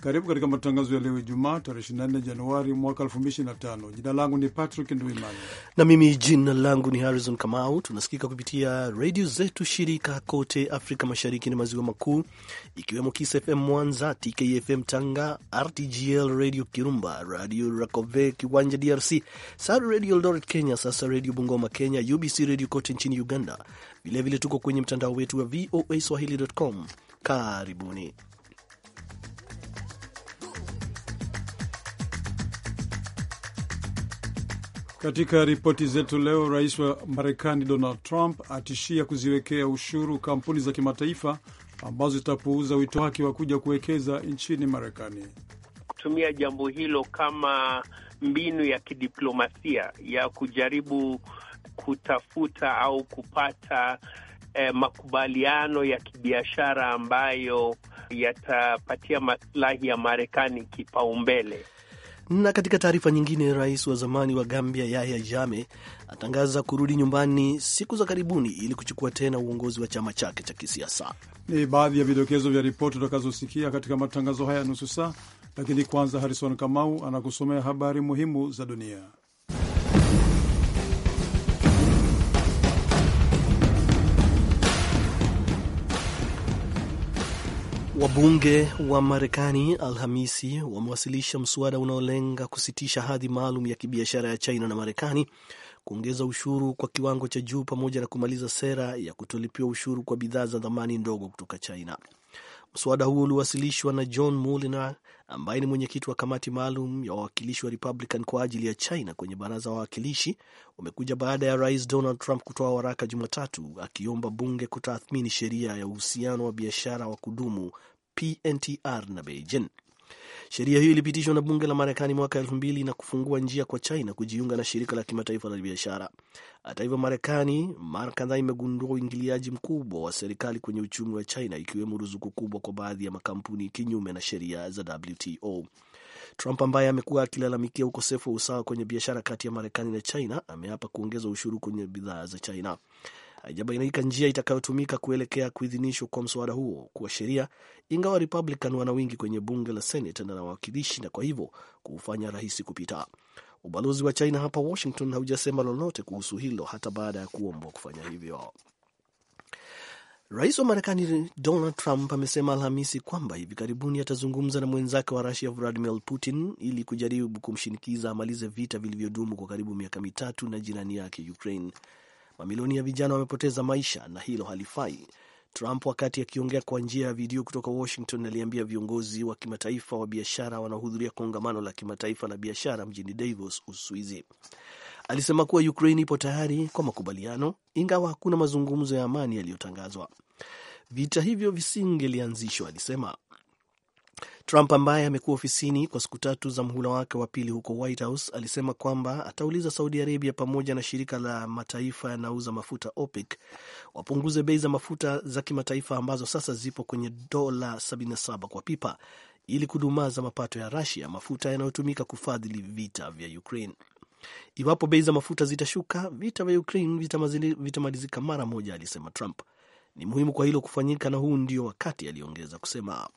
Karibu katika matangazo ya leo Ijumaa, tarehe 24 Januari mwaka 2025. Jina langu ni Patrick Nduimana na mimi jina langu ni Harrison Kamau. Tunasikika kupitia redio zetu shirika kote Afrika Mashariki na Maziwa Makuu, ikiwemo Kiss FM Mwanza, TKFM Tanga, RTGL Radio Kirumba, Radio Rakove Kiwanja DRC, Star Radio Eldoret Kenya, Sasa Radio Bungoma Kenya, UBC Radio kote nchini Uganda. Vilevile tuko kwenye mtandao wetu wa VOA Swahili.com. Karibuni. Katika ripoti zetu leo, rais wa Marekani Donald Trump atishia kuziwekea ushuru kampuni za kimataifa ambazo zitapuuza wito wake wa kuja kuwekeza nchini Marekani. Kutumia jambo hilo kama mbinu ya kidiplomasia ya kujaribu kutafuta au kupata eh, makubaliano ya kibiashara ambayo yatapatia maslahi ya Marekani kipaumbele. Na katika taarifa nyingine, rais wa zamani wa Gambia Yahya Jammeh atangaza kurudi nyumbani siku za karibuni ili kuchukua tena uongozi wa chama chake cha kisiasa. Ni baadhi ya vidokezo vya ripoti utakazosikia katika matangazo haya ya nusu saa, lakini kwanza, Harrison Kamau anakusomea habari muhimu za dunia. Wabunge wa Marekani Alhamisi wamewasilisha mswada unaolenga kusitisha hadhi maalum ya kibiashara ya China na Marekani, kuongeza ushuru kwa kiwango cha juu, pamoja na kumaliza sera ya kutolipiwa ushuru kwa bidhaa za thamani ndogo kutoka China. Mswada huo uliwasilishwa na John Muliner ambaye ni mwenyekiti wa kamati maalum ya wawakilishi wa Republican kwa ajili ya China kwenye baraza wa wawakilishi. Umekuja baada ya rais Donald Trump kutoa waraka Jumatatu akiomba bunge kutathmini sheria ya uhusiano wa biashara wa kudumu PNTR na Beijing. Sheria hiyo ilipitishwa na bunge la Marekani mwaka elfu mbili na kufungua njia kwa China kujiunga na shirika la kimataifa la biashara. Hata hivyo, Marekani mara kadhaa imegundua uingiliaji mkubwa wa serikali kwenye uchumi wa China, ikiwemo ruzuku kubwa kwa baadhi ya makampuni kinyume na sheria za WTO. Trump ambaye amekuwa akilalamikia ukosefu wa usawa kwenye biashara kati ya Marekani na China ameapa kuongeza ushuru kwenye bidhaa za China haijabainika njia itakayotumika kuelekea kuidhinishwa kwa mswada huo kuwa sheria, ingawa Republican wana wingi kwenye bunge la Senate na wawakilishi, na kwa hivyo kuufanya rahisi kupita. Ubalozi wa China hapa Washington haujasema lolote kuhusu hilo hata baada ya kuombwa kufanya hivyo. Rais wa Marekani Donald Trump amesema Alhamisi kwamba hivi karibuni atazungumza na mwenzake wa Rusia Vladimir Putin ili kujaribu kumshinikiza amalize vita vilivyodumu kwa karibu miaka mitatu na jirani yake Ukraine. Mamilioni ya vijana wamepoteza maisha na hilo halifai. Trump wakati akiongea kwa njia ya video kutoka Washington aliambia viongozi wa kimataifa wa biashara wanaohudhuria kongamano la kimataifa la biashara mjini Davos, Uswizi. Alisema kuwa Ukraine ipo tayari kwa makubaliano, ingawa hakuna mazungumzo ya amani yaliyotangazwa. Vita hivyo visingelianzishwa, alisema. Trump ambaye amekuwa ofisini kwa siku tatu za mhula wake wa pili huko White House alisema kwamba atauliza Saudi Arabia pamoja na shirika la mataifa yanauza mafuta OPEC wapunguze bei za mafuta za kimataifa ambazo sasa zipo kwenye dola 77 kwa pipa ili kudumaza mapato ya Russia, mafuta yanayotumika kufadhili vita vya Ukraine. Iwapo bei za mafuta zitashuka, vita vya Ukraine vitamalizika mara moja, alisema Trump. Ni muhimu kwa hilo kufanyika, na huu ndio wakati, aliongeza kusema.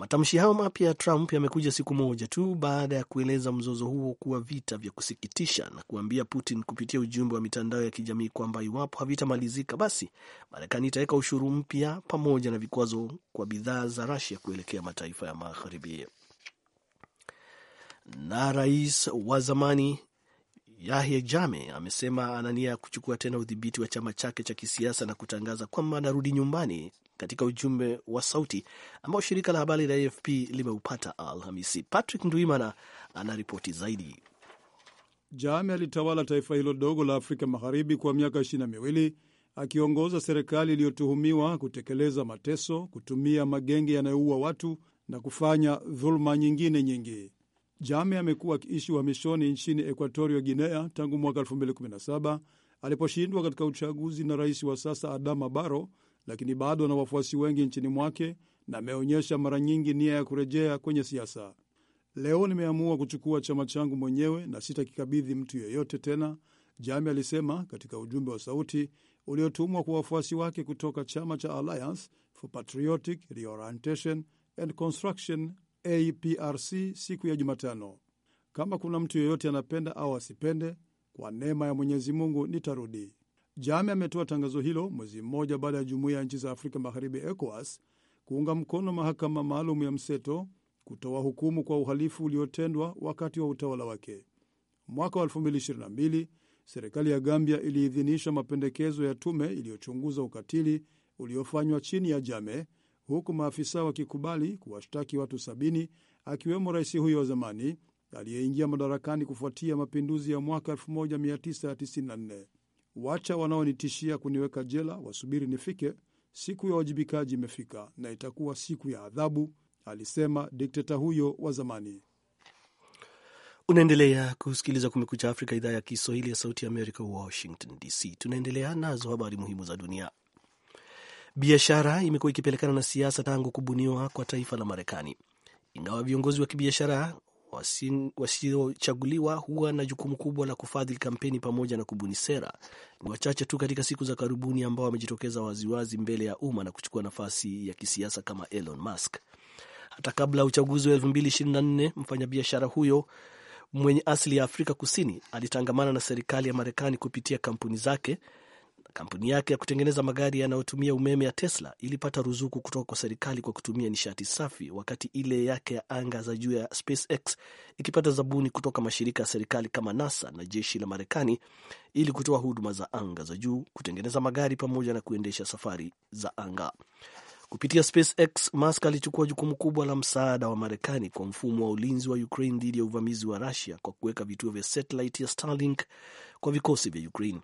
Matamshi hayo mapya ya Trump yamekuja siku moja tu baada ya kueleza mzozo huo kuwa vita vya kusikitisha na kuambia Putin kupitia ujumbe wa mitandao ya kijamii kwamba iwapo havitamalizika, basi Marekani itaweka ushuru mpya pamoja na vikwazo kwa bidhaa za Rusia kuelekea mataifa ya Magharibi. Na rais wa zamani Yahya Jammeh amesema ana nia ya kuchukua tena udhibiti wa chama chake cha kisiasa na kutangaza kwamba anarudi nyumbani katika ujumbe wa sauti ambao shirika la habari la AFP limeupata Alhamisi. Patrick Ndwimana anaripoti zaidi. Jammeh alitawala taifa hilo dogo la Afrika Magharibi kwa miaka ishirini na miwili akiongoza serikali iliyotuhumiwa kutekeleza mateso, kutumia magenge yanayoua watu na kufanya dhuluma nyingine nyingi. Jame amekuwa akiishi uhamishoni nchini Ekuatorio Guinea tangu mwaka 2017 aliposhindwa katika uchaguzi na rais wa sasa Adama baro lakini bado ana wafuasi wengi nchini mwake na ameonyesha mara nyingi nia ya kurejea kwenye siasa. Leo nimeamua kuchukua chama changu mwenyewe na sitakikabidhi mtu yeyote tena, Jame alisema katika ujumbe wa sauti uliotumwa kwa wafuasi wake kutoka chama cha Alliance for Patriotic Reorientation and Construction APRC siku ya Jumatano. Kama kuna mtu yeyote anapenda au asipende, kwa neema ya Mwenyezi Mungu nitarudi. Jame ametoa tangazo hilo mwezi mmoja baada ya jumuiya ya nchi za Afrika Magharibi, ECOWAS, kuunga mkono mahakama maalum ya mseto kutoa hukumu kwa uhalifu uliotendwa wakati wa utawala wake. Mwaka wa 2022 serikali ya Gambia iliidhinisha mapendekezo ya tume iliyochunguza ukatili uliofanywa chini ya Jame huku maafisa wakikubali kuwashtaki watu sabini akiwemo rais huyo wa zamani aliyeingia madarakani kufuatia mapinduzi ya mwaka 1994. Wacha wanaonitishia kuniweka jela wasubiri nifike. Siku ya wajibikaji imefika na itakuwa siku ya adhabu, alisema dikteta huyo wa zamani. Unaendelea kusikiliza Kumekucha Afrika, idhaa ya Kiswahili ya Sauti ya Amerika, Washington DC. Tunaendelea nazo habari muhimu za dunia. Biashara imekuwa ikipelekana na siasa tangu kubuniwa kwa taifa la Marekani, ingawa viongozi wa kibiashara wasiochaguliwa huwa na jukumu kubwa la kufadhili kampeni pamoja na kubuni sera. Ni wachache tu katika siku za karibuni ambao wamejitokeza waziwazi mbele ya umma na kuchukua nafasi ya kisiasa kama Elon Musk. Hata kabla ya uchaguzi wa 2024 mfanyabiashara huyo mwenye asili ya Afrika Kusini alitangamana na serikali ya Marekani kupitia kampuni zake Kampuni yake ya kutengeneza magari yanayotumia umeme ya Tesla ilipata ruzuku kutoka kwa serikali kwa kutumia nishati safi, wakati ile yake ya anga za juu ya SpaceX ikipata zabuni kutoka mashirika ya serikali kama NASA na jeshi la Marekani ili kutoa huduma za anga za juu, kutengeneza magari pamoja na kuendesha safari za anga. Kupitia SpaceX, Musk alichukua jukumu kubwa la msaada wa Marekani kwa mfumo wa ulinzi wa Ukraine dhidi ya uvamizi wa Russia kwa kuweka vituo vya satellite ya Starlink kwa vikosi vya Ukraine.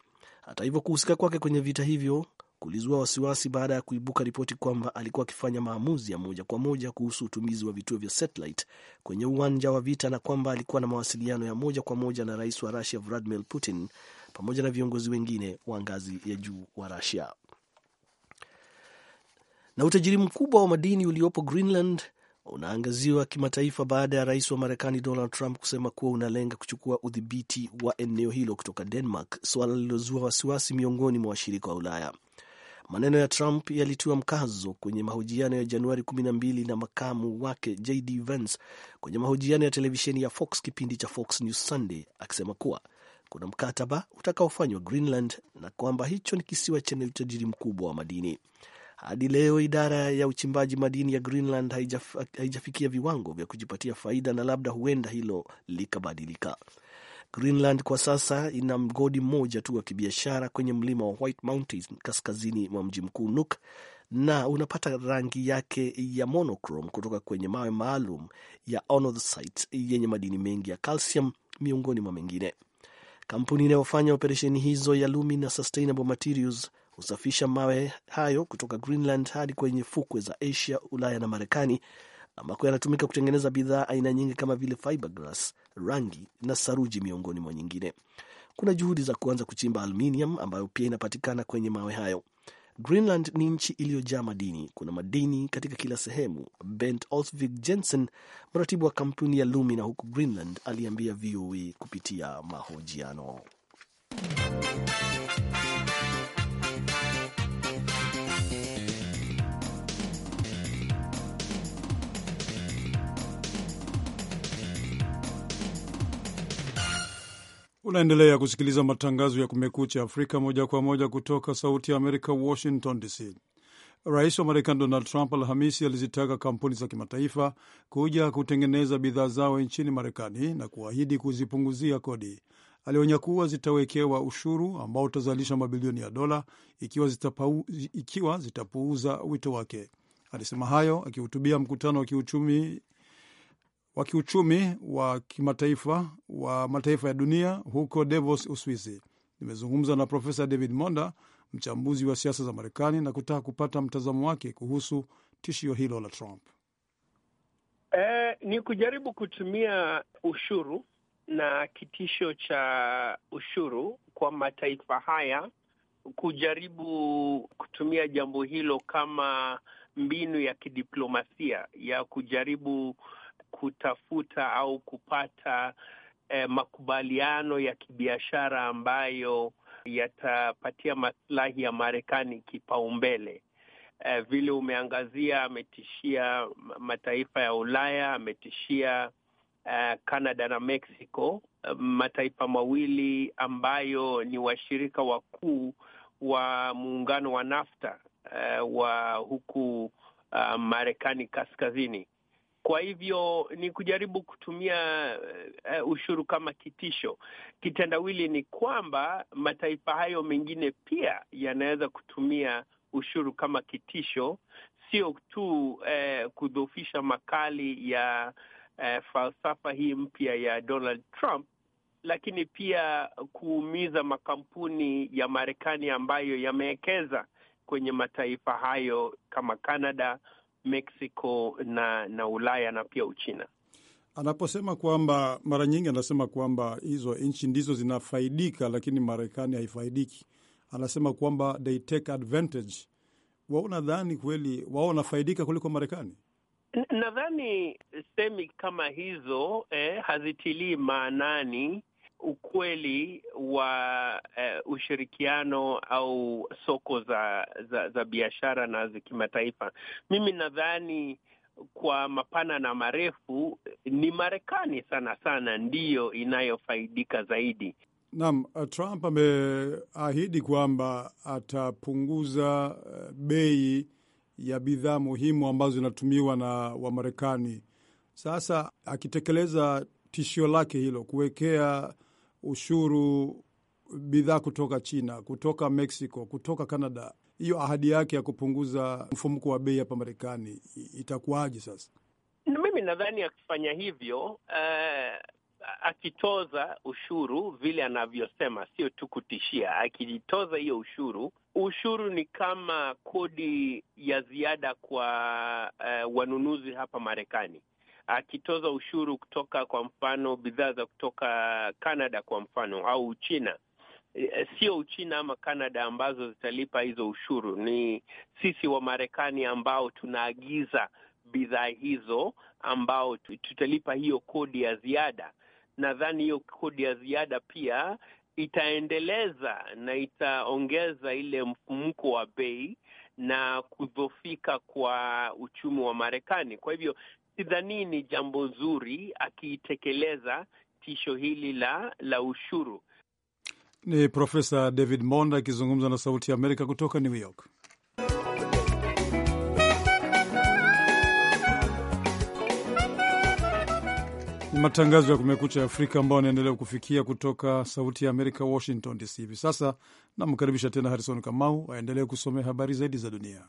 Hata hivyo, kuhusika kwake kwenye vita hivyo kulizua wasiwasi baada ya kuibuka ripoti kwamba alikuwa akifanya maamuzi ya moja kwa moja kuhusu utumizi wa vituo vya satellite kwenye uwanja wa vita na kwamba alikuwa na mawasiliano ya moja kwa moja na rais wa Russia Vladimir Putin pamoja na viongozi wengine wa ngazi ya juu wa Russia. Na utajiri mkubwa wa madini uliopo Greenland unaangaziwa kimataifa baada ya rais wa Marekani Donald Trump kusema kuwa unalenga kuchukua udhibiti wa eneo hilo kutoka Denmark, suala lililozua wasiwasi miongoni mwa washirika wa Ulaya. Maneno ya Trump yalitiwa mkazo kwenye mahojiano ya Januari 12 na makamu wake JD Vance kwenye mahojiano ya televisheni ya Fox, kipindi cha Fox News Sunday, akisema kuwa kuna mkataba utakaofanywa Greenland na kwamba hicho ni kisiwa chenye utajiri mkubwa wa madini. Hadi leo idara ya uchimbaji madini ya Greenland haijaf, haijafikia viwango vya kujipatia faida na labda huenda hilo likabadilika. Greenland kwa sasa ina mgodi mmoja tu wa kibiashara kwenye mlima wa White Mountains kaskazini mwa mji mkuu Nuuk na unapata rangi yake ya monochrome kutoka kwenye mawe maalum ya ornithite yenye madini mengi ya calcium miongoni mwa mengine. Kampuni inayofanya operesheni hizo ya Lumina Sustainable Materials husafisha mawe hayo kutoka Greenland hadi kwenye fukwe za Asia, Ulaya na Marekani, ambako yanatumika kutengeneza bidhaa aina nyingi kama vile fiberglass, rangi na saruji, miongoni mwa nyingine. Kuna juhudi za kuanza kuchimba aluminium ambayo pia inapatikana kwenye mawe hayo. Greenland ni nchi iliyojaa madini. Kuna madini katika kila sehemu, Bent Olsvik Jensen, mratibu wa kampuni ya Lumina huku Greenland, aliambia VOA kupitia mahojiano Unaendelea kusikiliza matangazo ya Kumekucha Afrika moja kwa moja kutoka Sauti ya Amerika, Washington DC. Rais wa Marekani Donald Trump Alhamisi alizitaka kampuni za kimataifa kuja kutengeneza bidhaa zao nchini Marekani na kuahidi kuzipunguzia kodi. Alionya kuwa zitawekewa ushuru ambao utazalisha mabilioni ya dola ikiwa, zitapau, ikiwa zitapuuza wito wake. Alisema hayo akihutubia mkutano wa kiuchumi wa kiuchumi wa kimataifa wa mataifa ya dunia huko Davos, Uswizi. Nimezungumza na Profesa David Monda, mchambuzi wa siasa za Marekani, na kutaka kupata mtazamo wake kuhusu tishio hilo la Trump. Eh, ni kujaribu kutumia ushuru na kitisho cha ushuru kwa mataifa haya kujaribu kutumia jambo hilo kama mbinu ya kidiplomasia ya kujaribu kutafuta au kupata eh, makubaliano ya kibiashara ambayo yatapatia maslahi ya Marekani kipaumbele. Eh, vile umeangazia, ametishia mataifa ya Ulaya, ametishia kanada eh, na Mexico, eh, mataifa mawili ambayo ni washirika wakuu wa muungano wa NAFTA eh, wa huku Uh, Marekani kaskazini. Kwa hivyo ni kujaribu kutumia uh, ushuru kama kitisho. Kitendawili ni kwamba mataifa hayo mengine pia yanaweza kutumia ushuru kama kitisho, sio tu uh, kudhoofisha makali ya uh, falsafa hii mpya ya Donald Trump lakini pia kuumiza makampuni ya Marekani ambayo yamewekeza kwenye mataifa hayo kama Canada, Mexico na na Ulaya na pia Uchina. Anaposema kwamba mara nyingi anasema kwamba hizo nchi ndizo zinafaidika, lakini Marekani haifaidiki. Anasema kwamba they take advantage. Wao nadhani kweli wao wanafaidika kuliko Marekani? Nadhani semi kama hizo eh, hazitilii maanani ukweli wa uh, ushirikiano au soko za za, za biashara na za kimataifa. Mimi nadhani kwa mapana na marefu ni Marekani sana sana ndiyo inayofaidika zaidi. Naam, eh, Trump ameahidi kwamba atapunguza eh, bei ya bidhaa muhimu ambazo zinatumiwa na Wamarekani. Sasa akitekeleza tishio lake hilo, kuwekea ushuru bidhaa kutoka China, kutoka Mexico, kutoka Canada. Hiyo ahadi yake ya kupunguza mfumuko wa bei hapa Marekani itakuwaje sasa? Mimi nadhani akifanya hivyo uh, akitoza ushuru vile anavyosema, sio tu kutishia. Akijitoza hiyo ushuru, ushuru ni kama kodi ya ziada kwa uh, wanunuzi hapa Marekani akitoza ushuru kutoka kwa mfano bidhaa za kutoka Canada kwa mfano au Uchina, e, sio Uchina ama Canada ambazo zitalipa hizo ushuru, ni sisi wa Marekani ambao tunaagiza bidhaa hizo ambao tutalipa hiyo kodi ya ziada. Nadhani hiyo kodi ya ziada pia itaendeleza na itaongeza ile mfumko wa bei na kudhofika kwa uchumi wa Marekani. Kwa hivyo sidhani ni jambo nzuri akiitekeleza tisho hili la, la ushuru. Ni Profesa David Monda akizungumza na Sauti ya Amerika kutoka New York. Matangazo ya Kumekucha Afrika ambayo anaendelea kufikia kutoka Sauti ya Amerika, Washington DC. Hivi sasa namkaribisha tena Harrison Kamau aendelee kusomea habari zaidi za dunia.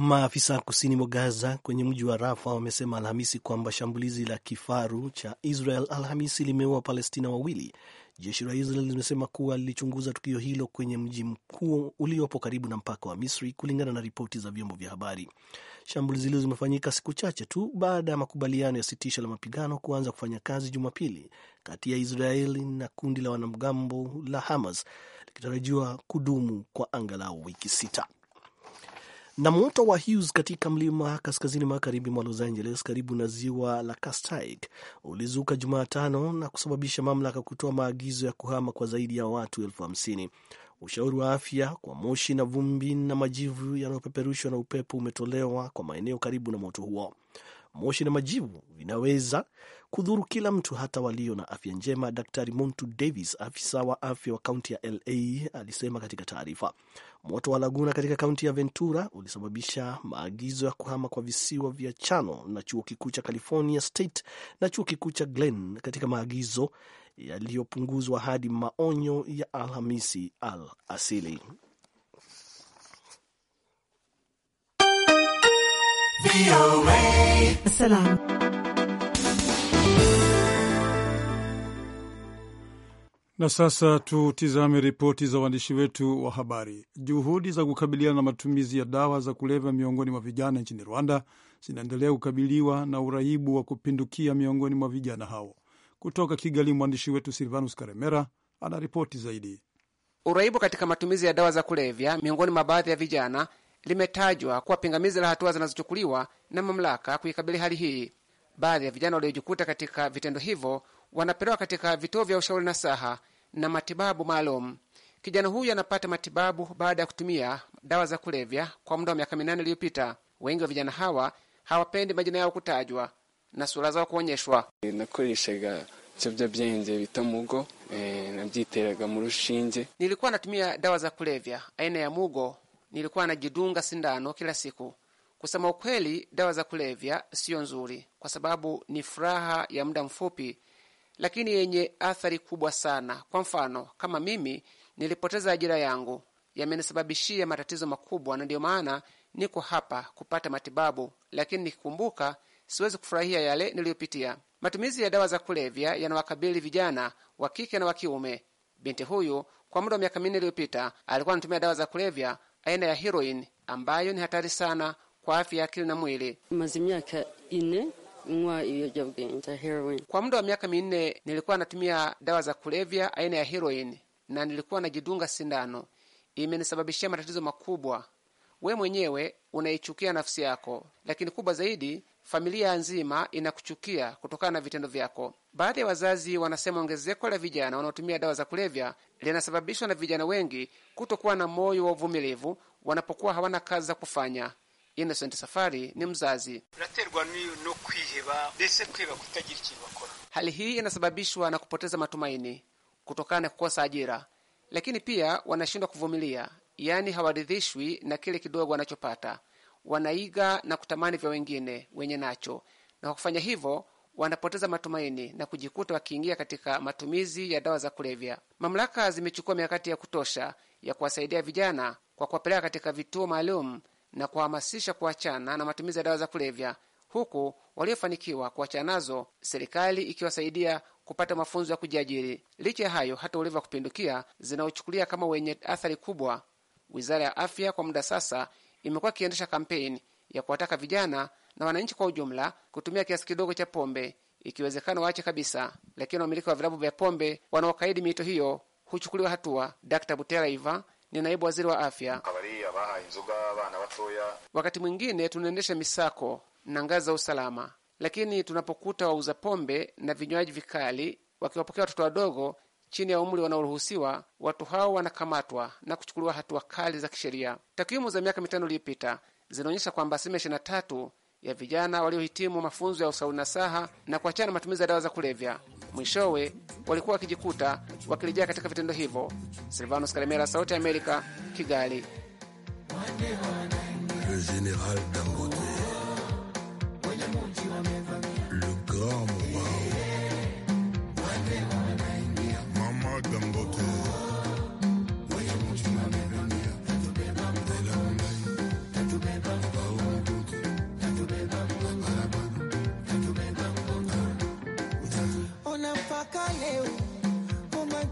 Maafisa kusini mwa Gaza kwenye mji wa Rafa wamesema Alhamisi kwamba shambulizi la kifaru cha Israel Alhamisi limeua Wapalestina wawili. Jeshi la Israel limesema kuwa lilichunguza tukio hilo kwenye mji mkuu uliopo karibu na mpaka wa Misri, kulingana na ripoti za vyombo vya habari. Shambulizi hilo zimefanyika siku chache tu baada ya makubaliano ya sitisho la mapigano kuanza kufanya kazi Jumapili kati ya Israeli na kundi la wanamgambo la Hamas, likitarajiwa kudumu kwa angalau wiki sita. Na moto wa Hughes katika mlima kaskazini magharibi mwa Los Angeles karibu na ziwa la Castaic ulizuka Jumatano na kusababisha mamlaka kutoa maagizo ya kuhama kwa zaidi ya watu elfu hamsini. Ushauri wa afya kwa moshi na vumbi na majivu yanayopeperushwa na upepo umetolewa kwa maeneo karibu na moto huo moshi na majivu vinaweza kudhuru kila mtu, hata walio na afya njema, Daktari Montu Davis, afisa wa afya wa kaunti ya LA alisema katika taarifa. Moto wa Laguna katika kaunti ya Ventura ulisababisha maagizo ya kuhama kwa visiwa vya Chano na chuo kikuu cha California State na chuo kikuu cha Glen katika maagizo yaliyopunguzwa hadi maonyo ya Alhamisi al asili. Salam. Na sasa tutizame ripoti za waandishi wetu wa habari. Juhudi za kukabiliana na matumizi ya dawa za kulevya miongoni mwa vijana nchini Rwanda zinaendelea kukabiliwa na uraibu wa kupindukia miongoni mwa vijana hao. Kutoka Kigali, mwandishi wetu Silvanus Karemera ana ripoti zaidi. Uraibu katika matumizi ya dawa za kulevya miongoni mwa baadhi ya vijana limetajwa kuwa pingamizi la hatua zinazochukuliwa na mamlaka kuikabili hali hii. Baadhi ya vijana waliojikuta katika vitendo hivyo wanapelewa katika vituo vya ushauri na saha na matibabu maalum. Kijana huyu anapata matibabu baada ya kutumia dawa za kulevya kwa muda wa miaka minane iliyopita. Wengi wa vijana hawa hawapendi majina yao kutajwa na sura zao kuonyeshwa. nakoreshaga eh, nabyiteraga mu rushinge. Nilikuwa natumia dawa za kulevya aina ya mugo nilikuwa najidunga sindano kila siku. Kusema ukweli, dawa za kulevya siyo nzuri, kwa sababu ni furaha ya muda mfupi, lakini yenye athari kubwa sana. Kwa mfano, kama mimi nilipoteza ajira yangu, yamenisababishia matatizo makubwa, na ndiyo maana niko hapa kupata matibabu, lakini nikikumbuka siwezi kufurahia yale niliyopitia. Matumizi ya dawa za kulevya yanawakabili vijana wa kike na wa kiume. Binti huyu kwa muda wa miaka minne iliyopita alikuwa anatumia dawa za kulevya aina ya heroin ambayo ni hatari sana kwa afya ya akili na mwili. Kwa muda wa miaka minne nilikuwa natumia dawa za kulevya aina ya heroin na nilikuwa najidunga sindano. Imenisababishia matatizo makubwa We mwenyewe unaichukia nafsi yako, lakini kubwa zaidi familia nzima inakuchukia kutokana na vitendo vyako. Baadhi ya wazazi wanasema ongezeko la vijana wanaotumia dawa za kulevya linasababishwa na vijana wengi kutokuwa na moyo wa uvumilivu wanapokuwa hawana kazi za kufanya. Innocent Safari ni mzazi. Hali hii inasababishwa na kupoteza matumaini kutokana na kukosa ajira, lakini pia wanashindwa kuvumilia, yaani hawaridhishwi na kile kidogo wanachopata wanaiga na kutamani vya wengine wenye nacho, na kwa kufanya hivyo wanapoteza matumaini na kujikuta wakiingia katika matumizi ya dawa za kulevya. Mamlaka zimechukua mikakati ya kutosha ya kuwasaidia vijana kwa kuwapeleka katika vituo maalum na kuwahamasisha kuachana na matumizi ya dawa za kulevya, huku waliofanikiwa kuachana nazo serikali ikiwasaidia kupata mafunzo ya kujiajiri. Licha ya hayo, hata ulevi wa kupindukia zinaochukulia kama wenye athari kubwa, wizara ya afya kwa muda sasa imekuwa ikiendesha kampeni ya kuwataka vijana na wananchi kwa ujumla kutumia kiasi kidogo cha pombe, ikiwezekana waache kabisa, lakini wamiliki wa vilabu vya pombe wanaokaidi miito hiyo huchukuliwa hatua. Dr Buteraiva ni naibu waziri wa afya. Wakati mwingine tunaendesha misako na ngazi za usalama, lakini tunapokuta wauza pombe na vinywaji vikali wakiwapokea watoto wadogo, chini ya umri wanaoruhusiwa, watu hao wanakamatwa na kuchukuliwa hatua kali za kisheria. Takwimu za miaka mitano iliyopita zinaonyesha kwamba asilimia ishirini na tatu ya vijana waliohitimu mafunzo ya usauli na kuachana na matumizi ya dawa za kulevya mwishowe walikuwa wakijikuta wakirejea katika vitendo hivyo. Silvanos Kalemera, Sauti ya Amerika, Kigali.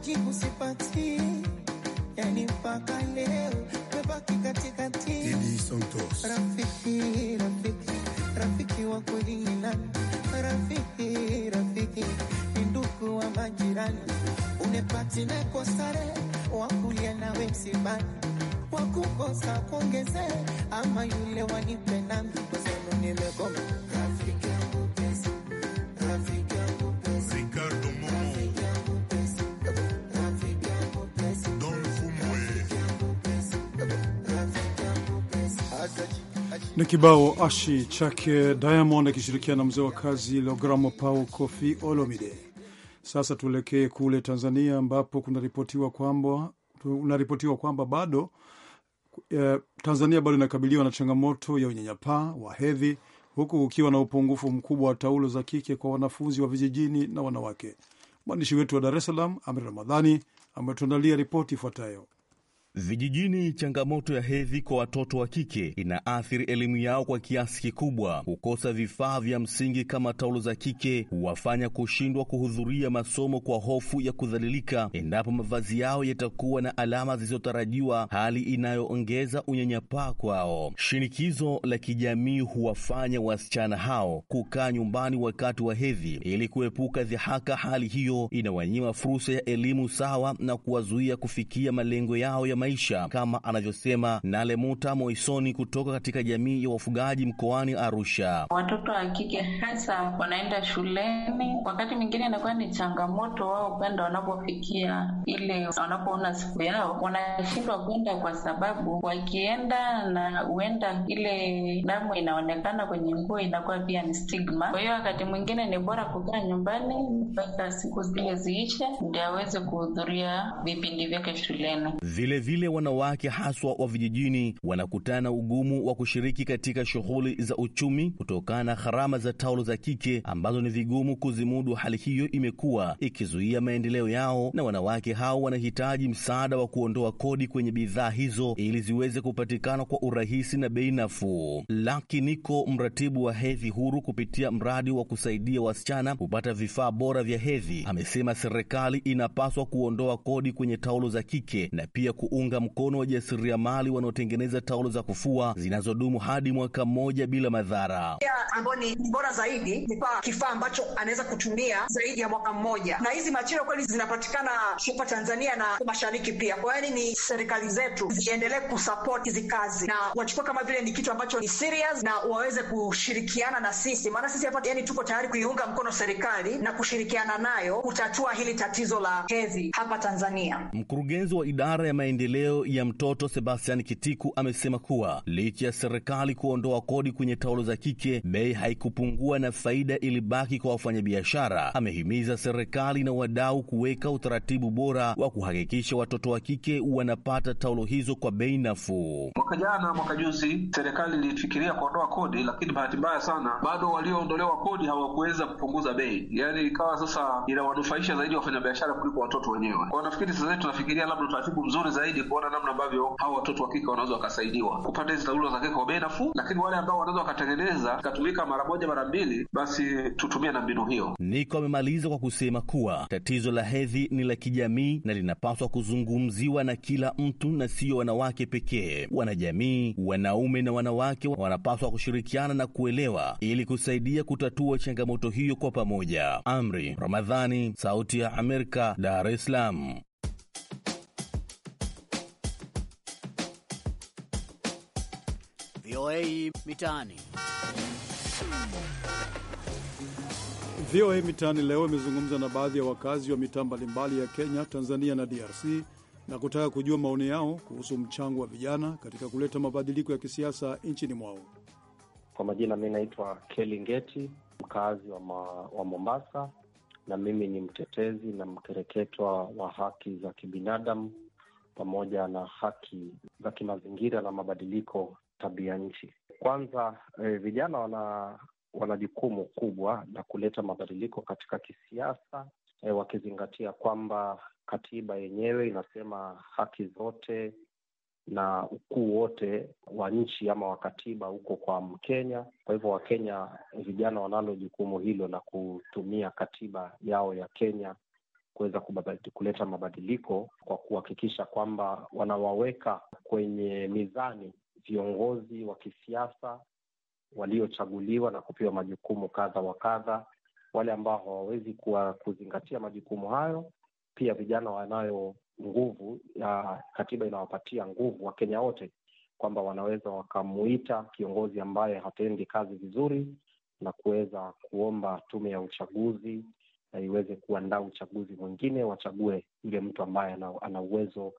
majibu sipati, yani mpaka leo mebaki katikati. Rafiki, rafiki, rafiki wa kweli ni nani? Rafiki, rafiki ni ndugu wa majirani, unepatine kwa sare wakulia nawe msibani, wakukosa kuongezee ama yule wanipe nami kwa sababu nimegoma Ni kibao ashi chake Diamond akishirikiana na mzee wa kazi Logramo Pau Kofi Olomide. Sasa tuelekee kule Tanzania ambapo kunaripotiwa kwamba kunaripotiwa kwamba bado eh, Tanzania bado inakabiliwa na changamoto ya unyanyapaa wa hedhi huku ukiwa na upungufu mkubwa wa taulo za kike kwa wanafunzi wa vijijini na wanawake. Mwandishi wetu wa Dar es Salaam Amri Ramadhani ametuandalia ripoti ifuatayo. Vijijini, changamoto ya hedhi kwa watoto wa kike inaathiri elimu yao kwa kiasi kikubwa. Kukosa vifaa vya msingi kama taulo za kike huwafanya kushindwa kuhudhuria masomo kwa hofu ya kudhalilika endapo mavazi yao yatakuwa na alama zisizotarajiwa, hali inayoongeza unyanyapaa kwao. Shinikizo la kijamii huwafanya wasichana hao kukaa nyumbani wakati wa hedhi. Ili kuepuka dhihaka, hali hiyo inawanyima fursa ya elimu sawa na kuwazuia kufikia malengo yao ya maisha maisha, kama anavyosema Nalemuta Moisoni kutoka katika jamii ya wafugaji mkoani Arusha. Watoto wa kike hasa wanaenda shuleni, wakati mwingine inakuwa ni changamoto wao kwenda wanapofikia ile wanapoona siku yao, wanashindwa kwenda kwa sababu wakienda na huenda ile damu inaonekana kwenye nguo, inakuwa pia ni stigma. Kwa hiyo wakati mwingine ni bora kukaa nyumbani mpaka siku zile ziishe, ndio aweze kuhudhuria vipindi vyake shuleni vile vile wanawake haswa wa vijijini wanakutana ugumu wa kushiriki katika shughuli za uchumi kutokana na gharama za taulo za kike ambazo ni vigumu kuzimudu. Hali hiyo imekuwa ikizuia maendeleo yao, na wanawake hao wanahitaji msaada wa kuondoa kodi kwenye bidhaa hizo ili ziweze kupatikana kwa urahisi na bei nafuu. Laki Niko, mratibu wa hedhi huru kupitia mradi wa kusaidia wasichana kupata vifaa bora vya hedhi, amesema serikali inapaswa kuondoa kodi kwenye taulo za kike na pia ku kuunga mkono wajasiriamali wanaotengeneza taulo za kufua zinazodumu hadi mwaka mmoja bila madhara. Ambayo ni bora zaidi ni kwa kifaa ambacho anaweza kutumia zaidi ya mwaka mmoja, na hizi machiro kweli zinapatikana hapa Tanzania na mashariki pia. Kwa yaani ni serikali zetu ziendelee kusupport hizi kazi na wachukua kama vile ni kitu ambacho ni serious, na waweze kushirikiana na sisi, maana sisi hapa yani tuko tayari kuiunga mkono serikali na kushirikiana nayo kutatua hili tatizo la hedhi hapa Tanzania. Mkurugenzi wa idara ya maendeleo maendeleo ya mtoto Sebastian Kitiku amesema kuwa licha ya serikali kuondoa kodi kwenye taulo za kike, bei haikupungua na faida ilibaki kwa wafanyabiashara. Amehimiza serikali na wadau kuweka utaratibu bora wa kuhakikisha watoto wa kike wanapata taulo hizo kwa bei nafuu. Mwaka jana, mwaka juzi, serikali ilifikiria kuondoa kodi, lakini bahati mbaya sana bado walioondolewa kodi hawakuweza kupunguza bei, yaani ikawa sasa inawanufaisha zaidi wafanyabiashara kuliko watoto wenyewe. Kwa nafikiri sasa hivi tunafikiria labda utaratibu mzuri zaidi zaidi kuona namna ambavyo hao watoto wa kike wanaweza wakasaidiwa kupata hizi taulo za kike kwa bei nafuu, lakini wale ambao wanaweza wakatengeneza ikatumika mara moja mara mbili, basi tutumie na mbinu hiyo. Niko amemaliza kwa kusema kuwa tatizo la hedhi ni la kijamii na linapaswa kuzungumziwa na kila mtu na siyo wanawake pekee. Wanajamii, wanaume na wanawake wanapaswa kushirikiana na kuelewa ili kusaidia kutatua changamoto hiyo kwa pamoja. Amri Ramadhani, Sauti ya Amerika, Dar es Salaam. VOA Mitaani. VOA Mitaani leo imezungumza na baadhi ya wakazi wa mitaa mbalimbali ya Kenya, Tanzania na DRC na kutaka kujua maoni yao kuhusu mchango wa vijana katika kuleta mabadiliko ya kisiasa nchini mwao. Kwa majina, mi naitwa kelingeti mkazi wa, ma, wa Mombasa, na mimi ni mtetezi na mkereketwa wa haki za kibinadamu pamoja na haki za kimazingira na mabadiliko tabia nchi. Kwanza eh, vijana wana wana jukumu kubwa la kuleta mabadiliko katika kisiasa eh, wakizingatia kwamba katiba yenyewe inasema haki zote na ukuu wote wa nchi ama wa katiba uko kwa Mkenya. Kwa hivyo, Wakenya vijana wanalo jukumu hilo la kutumia katiba yao ya Kenya kuweza kuleta mabadiliko kwa kuhakikisha kwamba wanawaweka kwenye mizani viongozi wa kisiasa waliochaguliwa na kupewa majukumu kadha wa kadha, wale ambao hawawezi kuzingatia majukumu hayo. Pia vijana wanayo nguvu ya katiba, inawapatia nguvu Wakenya wote kwamba wanaweza wakamuita kiongozi ambaye hatendi kazi vizuri na kuweza kuomba tume ya uchaguzi na iweze kuandaa uchaguzi mwingine, wachague yule mtu ambaye ana uwezo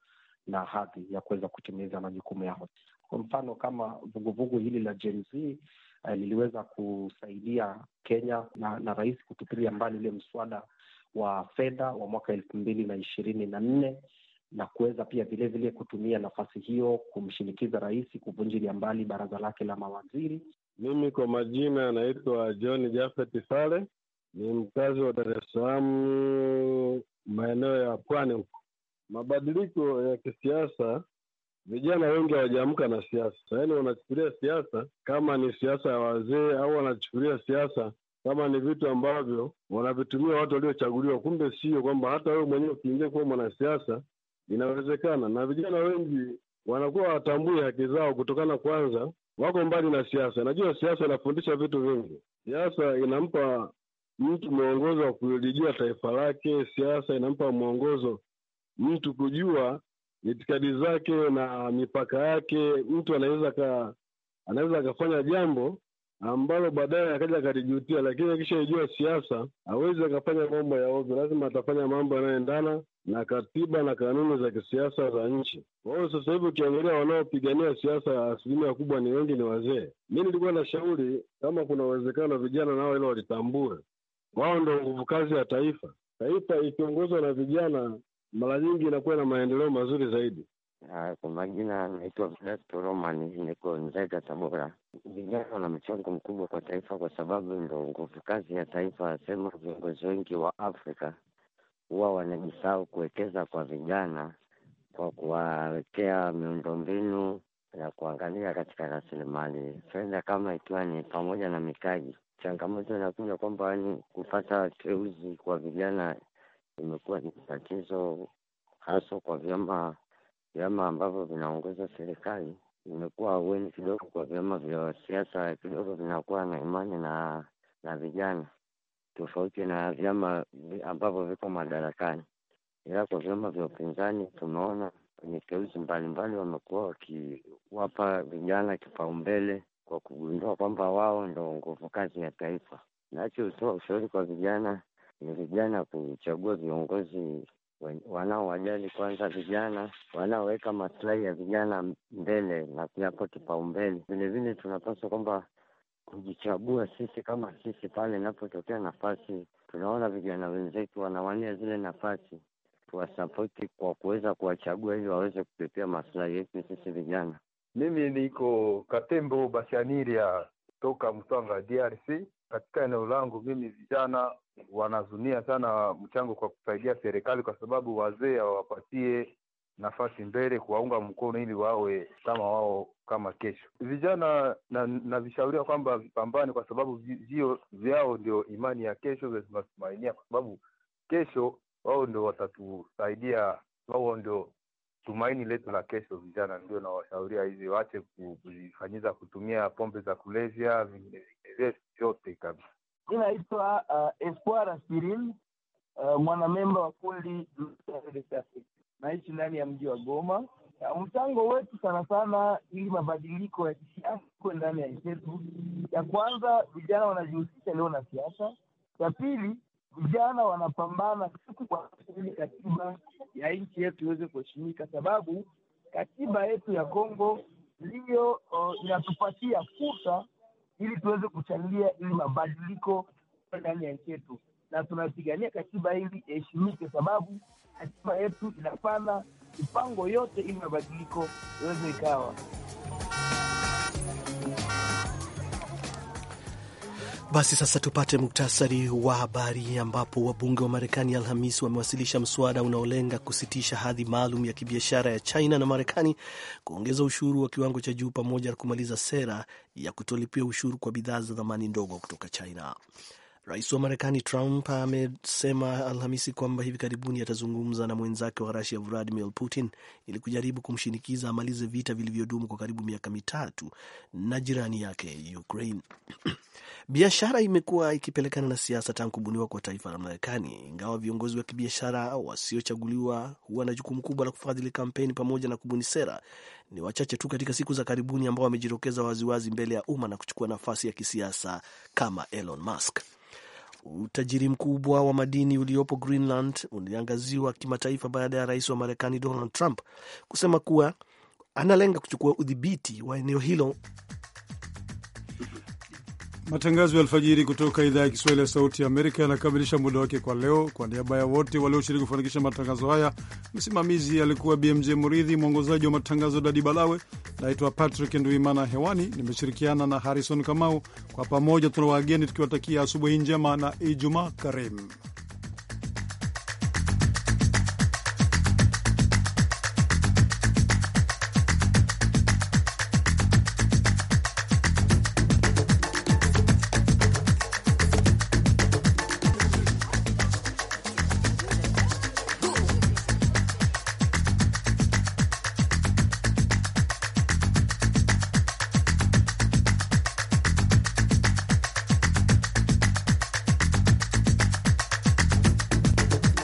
na hadhi ya kuweza kutimiza majukumu yao. Kwa mfano kama vuguvugu hili la Gen Z eh, liliweza kusaidia Kenya na, na rais kutupilia mbali ule mswada wa fedha wa mwaka elfu mbili na ishirini na nne na kuweza pia vilevile vile kutumia nafasi hiyo kumshinikiza rais kuvunjilia mbali baraza lake la mawaziri. Mimi kwa majina anaitwa John Jafet Sale, ni mkazi wa Dar es Salaam, maeneo ya pwani. huko Mabadiliko ya kisiasa vijana wengi hawajaamka na siasa, yaani wanachukulia siasa kama ni siasa ya wazee au wanachukulia siasa kama ni vitu ambavyo wanavitumia watu waliochaguliwa. Kumbe sio kwamba hata wewe mwenyewe ukiingia kuwa mwanasiasa inawezekana, na vijana wengi wanakuwa watambui haki zao kutokana, kwanza wako mbali na siasa. Najua siasa inafundisha vitu vingi. Siasa inampa mtu mwongozo wa kulijua taifa lake. Siasa inampa mwongozo mtu kujua itikadi zake na mipaka yake, mtu anaweza ka, anaweza akafanya jambo ambalo baadaye akaja akalijutia, lakini akishaijua siasa awezi akafanya mambo ya ovyo, lazima atafanya mambo yanayoendana na katiba na kanuni za kisiasa za nchi. Kwa hiyo sasa hivi ukiangalia wanaopigania siasa asilimia kubwa ni wengi ni wazee. Mi nilikuwa na shauri kama kuna uwezekano vijana nao ilo walitambue, wao ndo nguvu kazi ya taifa. Taifa ikiongozwa na vijana mara nyingi inakuwa na maendeleo mazuri zaidi. Ah, kwa majina anaitwa Vedasto Roman, niko Nzega, Tabora. Vijana wana mchango mkubwa kwa taifa, kwa sababu ndo nguvu kazi ya taifa. Asema viongozi wengi wa Afrika huwa wanajisahau kuwekeza kwa vijana kwa kuwawekea miundombinu ya kuangalia katika rasilimali fedha, kama ikiwa ni pamoja na mikaji Changamoto inakuja kwamba ni kupata teuzi kwa vijana imekuwa ni tatizo haswa kwa vyama vyama ambavyo vinaongoza serikali. Imekuwa aweni kidogo kwa vyama vya siasa, kidogo vinakuwa na imani na na vijana, tofauti na vyama ambavyo viko madarakani. Ila kwa vyama vya upinzani tumeona kwenye teuzi mbalimbali wamekuwa wakiwapa vijana kipaumbele kwa kugundua kwamba wao ndo nguvu kazi ya taifa. Nacho hutoa ushauri kwa vijana ni vijana kuchagua viongozi wanaowajali kwanza vijana, wanaoweka maslahi ya vijana mbele na kuyapo kipaumbele. Vilevile tunapaswa kwamba kujichagua sisi kama sisi, pale inapotokea nafasi tunaona vijana wenzetu wanawania zile nafasi, tuwasapoti kwa kuweza kuwachagua ili waweze kupepea maslahi yetu sisi vijana. Mimi niko Katembo Bashaniria toka Mtwanga, DRC katika eneo langu mimi vijana wanazunia sana mchango kwa kusaidia serikali, kwa sababu wazee hawapatie nafasi mbele kuwaunga mkono ili wawe kama wao kama kesho. Vijana navishauria na kwamba vipambane, kwa sababu vio vyao ndio imani ya kesho, vya kwa sababu kesho wao ndio watatusaidia, wao ndio tumaini letu la kesho. Vijana ndio nawashauria hizi, waache kujifanyiza kutumia pombe za kulevya vingine vyote kabisa. Inaitwa uh, Espoir Aspirine, uh, mwanamemba wa kundi naishi ndani ya mji wa Goma. Mchango wetu sana sana ili mabadiliko ya kisiasa iko ndani ya nchi yetu. Ya kwanza, vijana wanajihusisha leo na siasa. Ya pili vijana wanapambana siku kwa siku ili katiba ya nchi yetu iweze kuheshimika, sababu katiba yetu ya Kongo ndiyo uh, inatupatia fursa ili tuweze kuchangia ili mabadiliko ndani ya nchi yetu, na tunapigania katiba hili iheshimike, sababu katiba yetu inafana mipango yote ili mabadiliko iweze ikawa Basi sasa tupate muktasari wa habari ambapo wabunge wa Marekani Alhamis wamewasilisha mswada unaolenga kusitisha hadhi maalum ya kibiashara ya China na Marekani, kuongeza ushuru wa kiwango cha juu, pamoja na kumaliza sera ya kutolipia ushuru kwa bidhaa za thamani ndogo kutoka China. Rais wa Marekani Trump amesema Alhamisi kwamba hivi karibuni atazungumza na mwenzake wa Rusia Vladimir Putin ili kujaribu kumshinikiza amalize vita vilivyodumu kwa karibu miaka mitatu na jirani yake Ukraine. Biashara imekuwa ikipelekana na siasa tangu kubuniwa kwa taifa la Marekani, ingawa viongozi wa kibiashara wasiochaguliwa huwa na jukumu kubwa la kufadhili kampeni pamoja na kubuni sera. Ni wachache tu katika siku za karibuni ambao wamejitokeza waziwazi mbele ya umma na kuchukua nafasi ya kisiasa kama Elon Musk utajiri mkubwa wa madini uliopo Greenland uliangaziwa kimataifa baada ya rais wa Marekani Donald Trump kusema kuwa analenga kuchukua udhibiti wa eneo hilo Matangazo ya alfajiri kutoka idhaa ya Kiswahili ya Sauti ya Amerika yanakamilisha muda wake kwa leo. Kwa niaba ya wote walioshiriki kufanikisha matangazo haya, msimamizi alikuwa BMJ Muridhi, mwongozaji wa matangazo Dadi Balawe. Naitwa Patrick Nduimana, hewani nimeshirikiana na Harrison Kamau. Kwa pamoja tuna wageni tukiwatakia asubuhi njema na Ijumaa karimu.